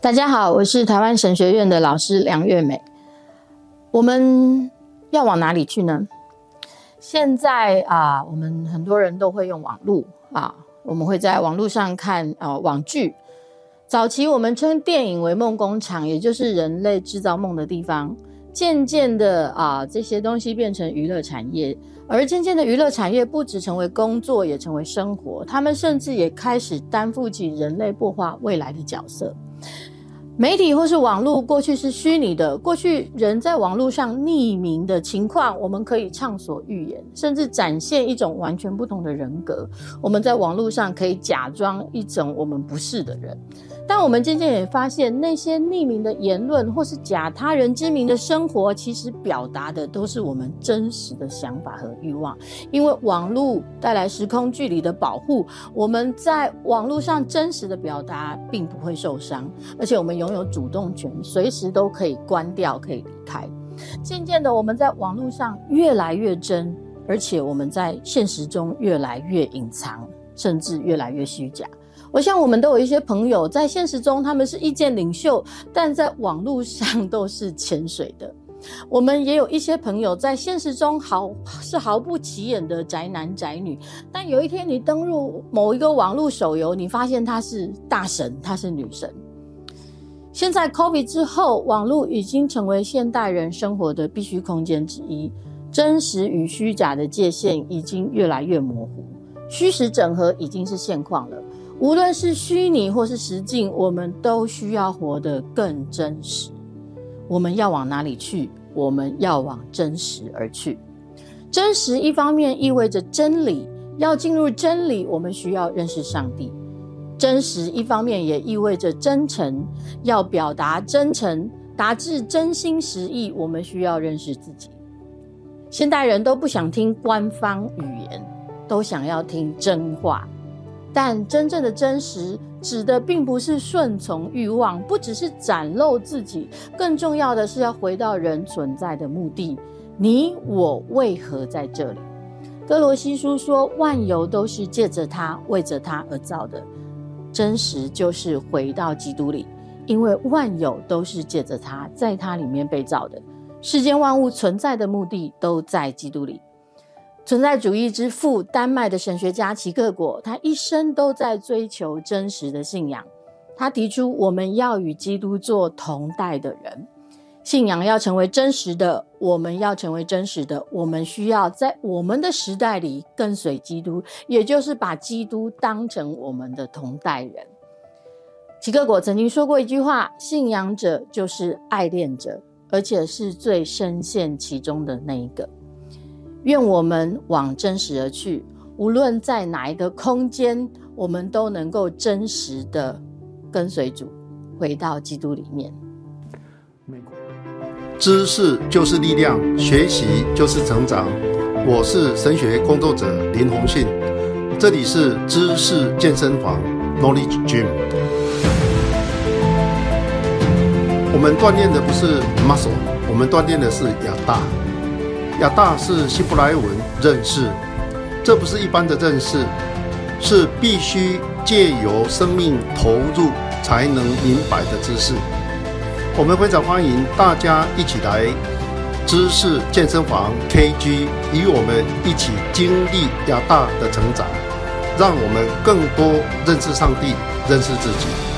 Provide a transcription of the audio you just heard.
大家好，我是台灣神學院的老師梁越美。我們要往哪裡去呢？現在啊，我們很多人都會用網路啊，我們會在網路上看啊網劇。早期我們稱電影為夢工廠，也就是人類製造夢的地方。漸漸的啊，這些東西變成娛樂產業。而漸漸的，娛樂產業不只成為工作，也成為生活。他們甚至也開始擔負起人類破壞未來的角色。媒體或是網絡，過去是虛擬的。過去人在網絡上匿名的情況，我們可以暢所欲言，甚至展現一種完全不同的人格。我們在網絡上可以假裝一種我們不是的人。但我們漸漸也發現，那些匿名的言論或是假他人之名的生活，其實表達的都是我們真實的想法和欲望。因為網絡帶來時空距離的保護，我們在網絡上真實的表達並不會受傷，而且我們擁有主動權，隨時都可以關掉、可以離開。漸漸的，我們在網絡上越來越真，而且我們在現實中越來越隱藏，甚至越來越虛假。我想我們都有一些朋友，在現實中他們是意見領袖，但在網絡上都是潛水的。我們也有一些朋友在現實中毫是毫不起眼的宅男宅女，但有一天你登入某一個網絡手遊，你發現他是大神，他是女神。現在 COVID 之後，網絡已經成為現代人生活的必需空間之一，真實與虛假的界限已經越來越模糊，虛實整合已經是現況了。無論是虛擬或是實境，我們都需要活得更真實。我們要往哪裡去？我們要往真實而去。真實一方面意味着真理，要進入真理，我們需要認識上帝。真實一方面也意味着真誠，要表達真誠，達至真心實意，我們需要認識自己。現代人都不想聽官方語言，都想要聽真話。但真正的真實，指的並不是順從欲望，不只是展露自己，更重要的是要回到人存在的目的。你我為何在這裡？歌羅西書說，萬有都是借着他，為着他而造的。真實就是回到基督裡，因為萬有都是借着他，在他裡面被造的。世間萬物存在的目的都在基督裡。存在主義之父丹麥的神學家齊克果，他一生都在追求真實的信仰。他提出，我們要與基督做同代的人，信仰要成為真實的，我們要成為真實的，我們需要在我們的時代裡跟隨基督，也就是把基督當成我們的同代人。齊克果曾經說過一句話：“信仰者就是愛戀者，而且是最深陷其中的那一個。”願我們往真實而去，無論在哪一個空間，我們都能夠真實地跟隨主，回到基督裡面。知識就是力量，學習就是成長。我是神學工作者林宏信，這裡是知識健身房，Knowledge Gym。嗯，我們鍛鍊的不是 muscle，我們鍛鍊的是養大。亞大是希伯來文認識，這不是一般的認識，是必須借由生命投入才能明白的知識。我們非常歡迎大家一起來知識健身房 KG，與我們一起經歷亞大的成長，讓我們更多認識上帝，認識自己。